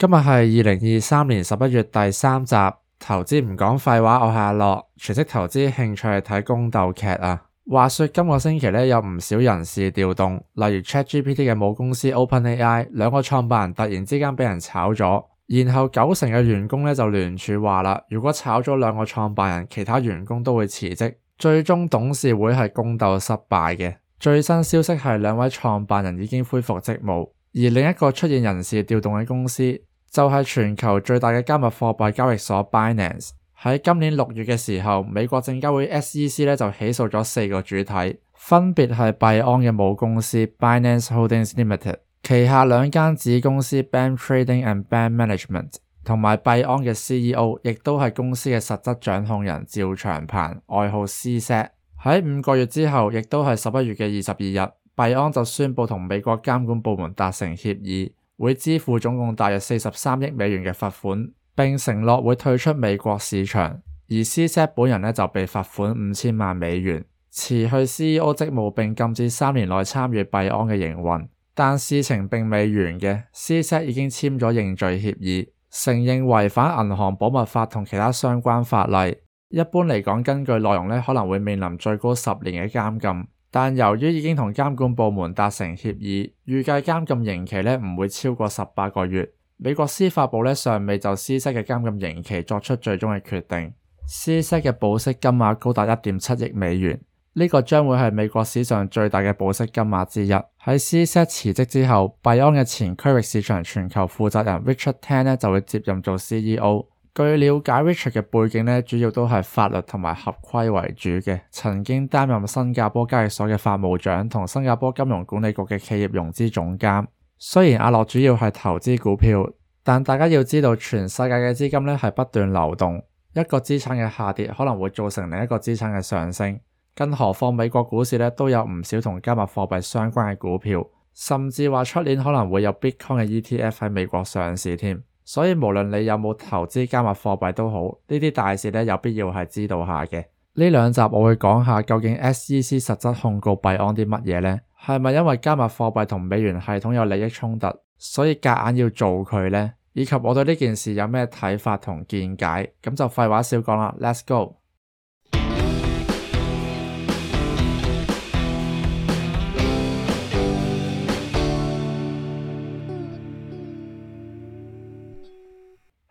今日係二零二三年十一月第三集，投資唔講廢話，我係阿樂，全職投資興趣係睇宮鬥劇啊。話說今個星期呢有唔少人事調動，例如 ChatGPT 嘅母公司 OpenAI 兩個創辦人突然之間俾人炒咗，然後九成嘅員工呢就聯署話啦，如果炒咗兩個創辦人，其他員工都會辭職。最終董事會係宮鬥失敗嘅。最新消息係兩位創辦人已經恢復職務，而另一個出現人事調動嘅公司。就係全球最大嘅加密貨幣交易所 Binance 喺今年六月嘅時候，美國證監會 SEC 就起訴咗四個主體，分別係幣安嘅母公司 Binance Holdings Limited，旗下兩間子公司 BAM Trading and BAM Management，同埋幣安嘅 CEO，亦都係公司嘅實質掌控人趙長鵬，外號 CZ。喺五個月之後，亦都係十一月嘅二十二日，幣安就宣佈同美國監管部門達成協議。會支付總共大約四十三億美元嘅罰款，並承諾會退出美國市場。而 CZ 本人呢就被罰款五千萬美元，辭去 CEO 職務，並禁止三年內參與幣安嘅營運。但事情並未完嘅，CZ 已經簽咗認罪協議，承認違反銀行保密法同其他相關法例。一般嚟講，根據內容呢可能會面臨最高十年嘅監禁。但由於已經同監管部門達成協議，預計監禁刑期呢唔會超過十八個月。美國司法部呢尚未就 CZ 嘅監禁刑期作出最終嘅決定。CZ 嘅保釋金額高達一點七億美元，呢、這個將會係美國史上最大嘅保釋金額之一。喺 CZ 辭職之後幣安嘅前區域市場全球負責人 Richard Tan 呢就會接任做 CEO。據了解，Richard 嘅背景咧主要都係法律同埋合規為主嘅，曾經擔任新加坡交易所嘅法務長同新加坡金融管理局嘅企業融資總監。雖然阿樂主要係投資股票，但大家要知道，全世界嘅資金咧係不斷流動，一個資產嘅下跌可能會造成另一個資產嘅上升，更何況美國股市咧都有唔少同加密貨幣相關嘅股票，甚至話出年可能會有 Bitcoin 嘅 ETF 喺美國上市添。所以無論你有冇投資加密貨幣都好，呢啲大事呢有必要係知道下嘅。呢兩集我會講下究竟 SEC 實質控告幣安啲乜嘢呢？係咪因為加密貨幣同美元系統有利益衝突，所以夾硬要做佢呢？以及我對呢件事有咩睇法同見解？咁就廢話少講啦，Let's go。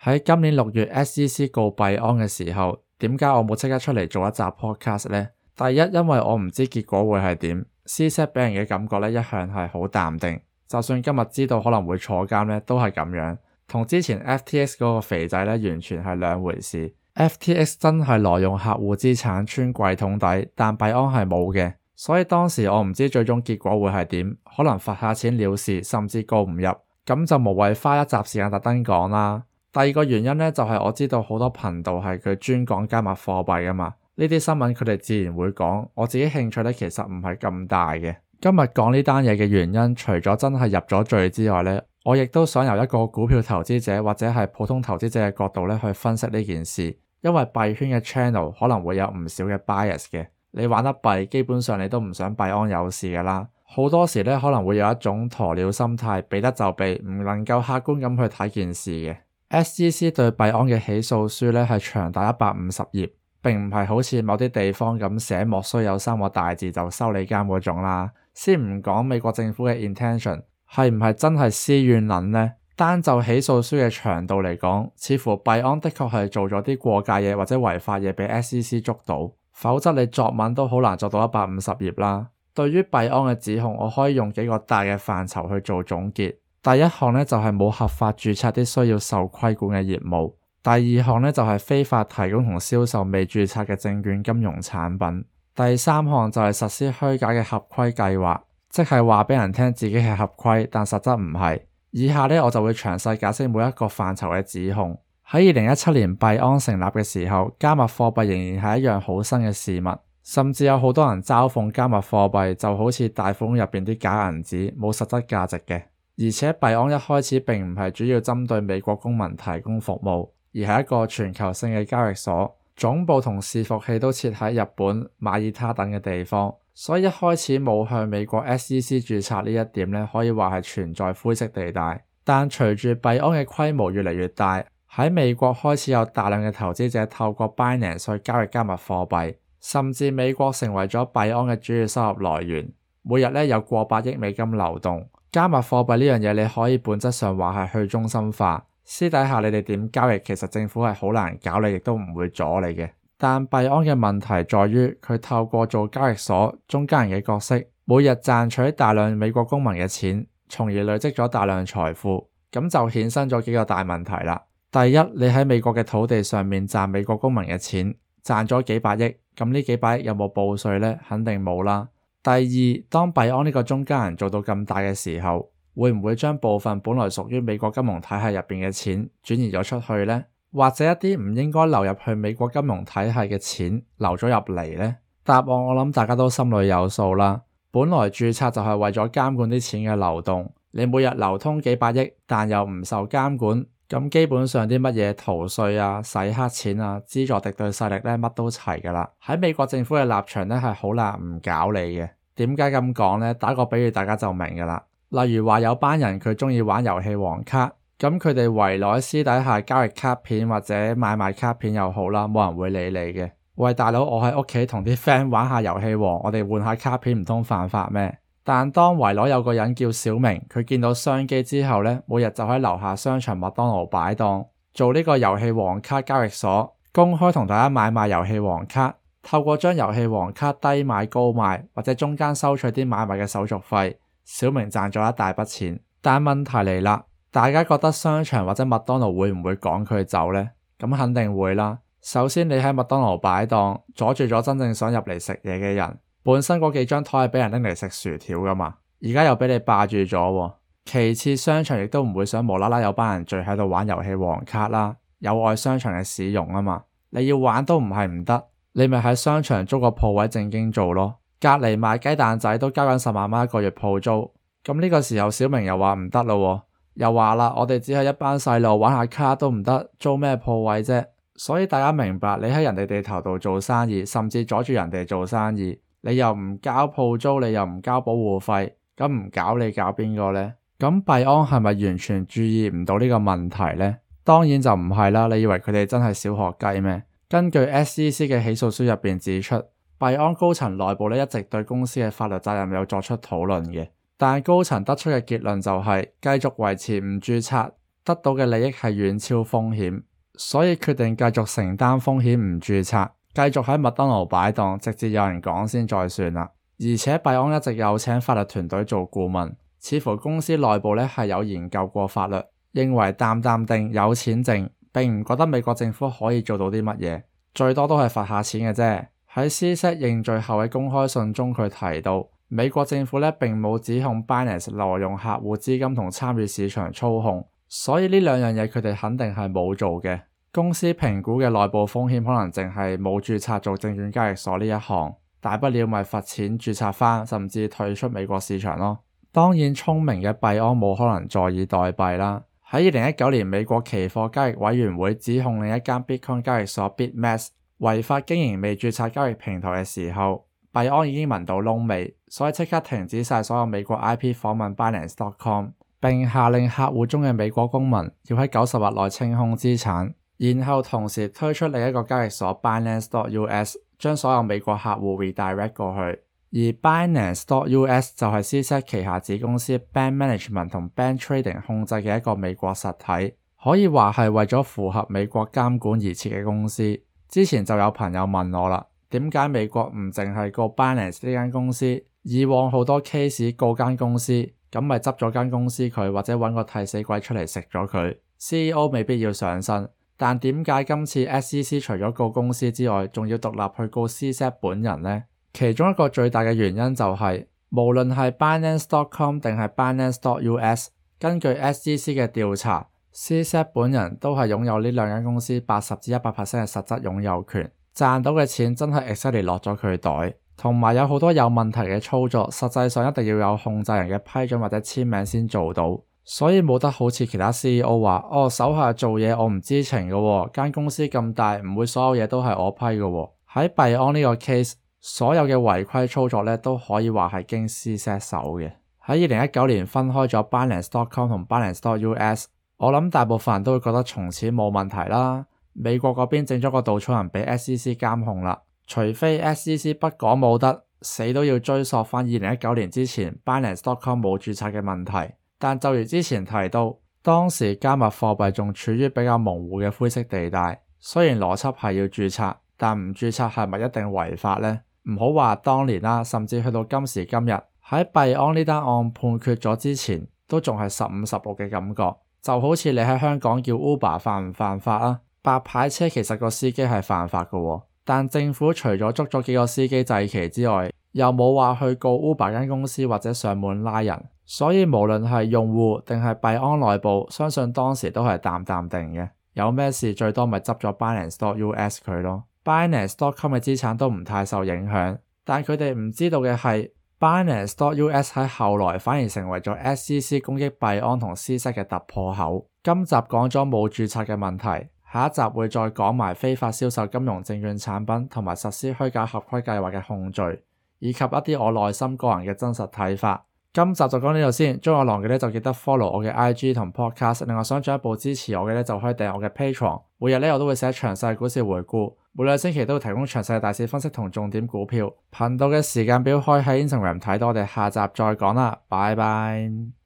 喺今年六月 SEC 告幣安嘅時候，點解我冇即刻出嚟做一集 podcast 咧？第一，因為我唔知道結果會係點。CZ 俾人嘅感覺一向係好淡定，就算今日知道可能會坐監咧，都係咁樣，同之前 FTX 嗰個肥仔咧完全係兩回事。FTX 真係挪用客戶資產穿櫃桶底，但幣安係冇嘅，所以當時我唔知道最終結果會係點，可能罰下錢了事，甚至告唔入，咁就無謂花一集時間特登講啦。第二個原因呢，就係、是、我知道好多頻道係佢專講加密貨幣㗎嘛，呢啲新聞佢哋自然會講。我自己興趣呢其實唔係咁大嘅。今日講呢單嘢嘅原因，除咗真係入咗罪之外呢，我亦都想由一個股票投資者或者係普通投資者嘅角度呢去分析呢件事，因為幣圈嘅 channel 可能會有唔少嘅 bias 嘅。你玩得幣，基本上你都唔想幣安有事㗎啦。好多時呢，可能會有一種鴕鳥心態，避得就避，唔能夠客觀咁去睇件事嘅。SEC 對幣安嘅起訴書咧係長達一百五十頁，並唔係好似某啲地方咁寫莫須有三個大字就收你間嗰種啦。先唔講美國政府嘅 intention 係唔係真係私怨諗呢，單就起訴書嘅長度嚟講，似乎幣安的確係做咗啲過界嘢，或者違法嘢俾 SEC 捉到，否則你作文都好難做到一百五十頁啦。對於幣安嘅指控，我可以用幾個大嘅範疇去做總結。第一項呢，就係冇合法註冊啲需要受規管嘅業務。第二項呢，就係非法提供同銷售未註冊嘅證券金融產品。第三項就係實施虛假嘅合規計劃，即係話俾人聽自己係合規，但實質唔係。以下呢，我就會詳細解釋每一個範疇嘅指控。喺二零一七年幣安成立嘅時候，加密貨幣仍然係一樣好新嘅事物，甚至有好多人嘲諷加密貨幣就好似大富翁入面啲假銀紙，冇實質價值嘅。而且，幣安一開始並唔係主要針對美國公民提供服務，而係一個全球性嘅交易所，總部同伺服器都設喺日本、馬耳他等嘅地方，所以一開始冇向美國 SEC 註冊呢一點咧，可以話係存在灰色地帶。但隨住幣安嘅規模越嚟越大，喺美國開始有大量嘅投資者透過 Binance 去交易加密貨幣，甚至美國成為咗幣安嘅主要收入來源，每日咧有過百億美金流動。加密貨幣呢樣嘢，你可以本質上話係去中心化，私底下你哋點交易，其實政府係好難搞你，亦都唔會阻你嘅。但幣安嘅問題在於，佢透過做交易所中間人嘅角色，每日賺取大量美國公民嘅錢，從而累積咗大量財富，咁就衍生咗幾個大問題啦。第一，你喺美國嘅土地上面賺美國公民嘅錢，賺咗幾百億，咁呢幾百億有冇報稅呢？肯定冇啦。第二，當幣安呢個中間人做到咁大嘅時候，會唔會將部分本來屬於美國金融體系入邊嘅錢轉移咗出去呢？或者一啲唔應該流入去美國金融體系嘅錢流咗入嚟呢？答案我諗大家都心裏有數啦。本來註冊就係為咗監管啲錢嘅流動，你每日流通幾百億，但又唔受監管，咁基本上啲乜嘢逃稅啊、洗黑錢啊、資助敵對勢力咧，乜都齊㗎啦。喺美國政府嘅立場咧，係好難唔搞你嘅。點解咁講呢？打個比喻，大家就明嘅啦。例如話有班人佢中意玩遊戲王卡，咁佢哋圍攞私底下交易卡片或者買賣卡片又好啦，冇人會理你嘅。喂，大佬，我喺屋企同啲 friend 玩下遊戲王，我哋換下卡片唔通犯法咩？但當圍攞有個人叫小明，佢見到商機之後呢，每日就喺樓下商場麥當勞擺檔，做呢個遊戲王卡交易所，公開同大家買賣遊戲王卡。透過將遊戲王卡低買高賣，或者中間收取啲買賣嘅手續費，小明賺咗一大筆錢。但問題嚟啦，大家覺得商場或者麥當勞會唔會趕佢走呢？咁肯定會啦。首先，你喺麥當勞擺檔阻住咗真正想入嚟食嘢嘅人，本身嗰幾張台係俾人拎嚟食薯條噶嘛，而家又俾你霸住咗。其次，商場亦都唔會想無啦啦有班人聚喺度玩遊戲王卡啦，有礙商場嘅使用啊嘛。你要玩都唔係唔得。你咪喺商場租個鋪位正經做咯，隔籬賣雞蛋仔都交緊十萬蚊一個月鋪租。咁呢個時候，小明又話唔得咯，又話啦，我哋只係一班細路玩下卡都唔得，租咩鋪位啫。所以大家明白，你喺人哋地頭度做生意，甚至阻住人哋做生意，你又唔交鋪租，你又唔交保護費，咁唔搞你搞邊個咧？咁幣安係咪完全注意唔到呢個問題咧？當然就唔係啦，你以為佢哋真係小學雞咩？根據 SEC 嘅起訴書入面指出，幣安高層內部一直對公司嘅法律責任有作出討論嘅，但高層得出嘅結論就係、是、繼續維持唔註冊，得到嘅利益係遠超風險，所以決定繼續承擔風險唔註冊，繼續喺麥當勞擺檔，直至有人講先再算啦。而且幣安一直有請法律團隊做顧問，似乎公司內部呢係有研究過法律，認為淡淡定有錢剩。並唔覺得美國政府可以做到啲乜嘢，最多都係罰下錢嘅啫。喺 CZ 認罪後嘅公開信中，佢提到美國政府呢並冇指控 Binance 挪用客戶資金同參與市場操控，所以呢兩樣嘢佢哋肯定係冇做嘅。公司評估嘅內部風險可能淨係冇註冊做證券交易所呢一項，大不了咪罰錢註冊翻，甚至退出美國市場咯。當然聰明嘅幣安冇可能坐以待斃啦。喺二零一九年，美國期貨交易委員會指控另一間 Bitcoin 交易所 BitMEX 違法經營、未註冊交易平台嘅時候，幣安已經聞到窿味，所以即刻停止晒所有美國 IP 訪問 Binance.com，並下令客戶中嘅美國公民要喺九十日內清空資產，然後同時推出另一個交易所 Binance.US，將所有美國客戶 Redirect 過去。而 Binance.US 就係 CZ 旗下子公司 Bank Management 同 Bank Trading 控制嘅一個美國實體，可以話係為咗符合美國監管而設嘅公司。之前就有朋友問我啦，點解美國唔淨係告 Binance 呢間公司？以往好多 case 告間公司，咁咪執咗間公司佢，或者搵個替死鬼出嚟食咗佢，CEO 未必要上身。但點解今次 SEC 除咗告公司之外，仲要獨立去告 CZ 本人呢？其中一個最大嘅原因就係、是，無論係 Binance.com 定係 Binance.us，根據 SEC 嘅調查，CZ 本人都係擁有呢兩間公司八十至一百 percent 嘅實質擁有權，賺到嘅錢真係 exactly 落咗佢袋，同埋有好多有問題嘅操作，實際上一定要有控制人嘅批准或者簽名先做到，所以冇得好似其他 CEO 話，哦，手下做嘢我唔知情嘅喎、哦，間公司咁大唔會所有嘢都係我批嘅喎、哦。喺幣安呢個 case。所有嘅違規操作呢都可以話係經司石守嘅。喺二零一九年分開咗 Binance.com 同 Binance.US，我諗大部分人都會覺得從此冇問題啦。美國嗰邊整咗個稻草人俾 SEC 監控啦，除非 SEC 不講武德，死都要追溯返二零一九年之前 Binance.com 冇註冊嘅問題。但就如之前提到，當時加密貨幣仲處於比較模糊嘅灰色地帶，雖然邏輯係要註冊，但唔註冊係咪一定違法呢？唔好話當年啦，甚至去到今時今日，喺幣安呢單案判決咗之前，都仲係十五十六嘅感覺，就好似你喺香港叫 Uber 犯唔犯法啦？啊？白牌車其實個司機係犯法嘅，但政府除咗捉咗幾個司機祭旗之外，又冇話去告 Uber 間公司或者上門拉人，所以無論係用戶定係幣安內部，相信當時都係淡淡定嘅，有咩事最多咪執咗 Binance.US 佢咯。Binance.com 嘅資產都唔太受影響，但係佢哋唔知道嘅係，Binance.US 喺後來反而成為咗 s c c 攻擊幣安同 C$ 嘅突破口。今集講咗冇註冊嘅問題，下一集會再講埋非法銷售金融證券產品同埋實施虛假合規計劃嘅控罪，以及一啲我內心個人嘅真實睇法。今集就講呢度先，中意我嘅咧就記得 follow 我嘅 IG 同 Podcast，另外想進一步支持我嘅咧就可以訂我嘅 p a t e o 每日我都會寫詳細股市回顧。每兩星期都會提供詳細嘅大市分析同重點股票。頻道嘅時間表，開喺 Instagram 睇到。我哋下集再講啦，拜拜。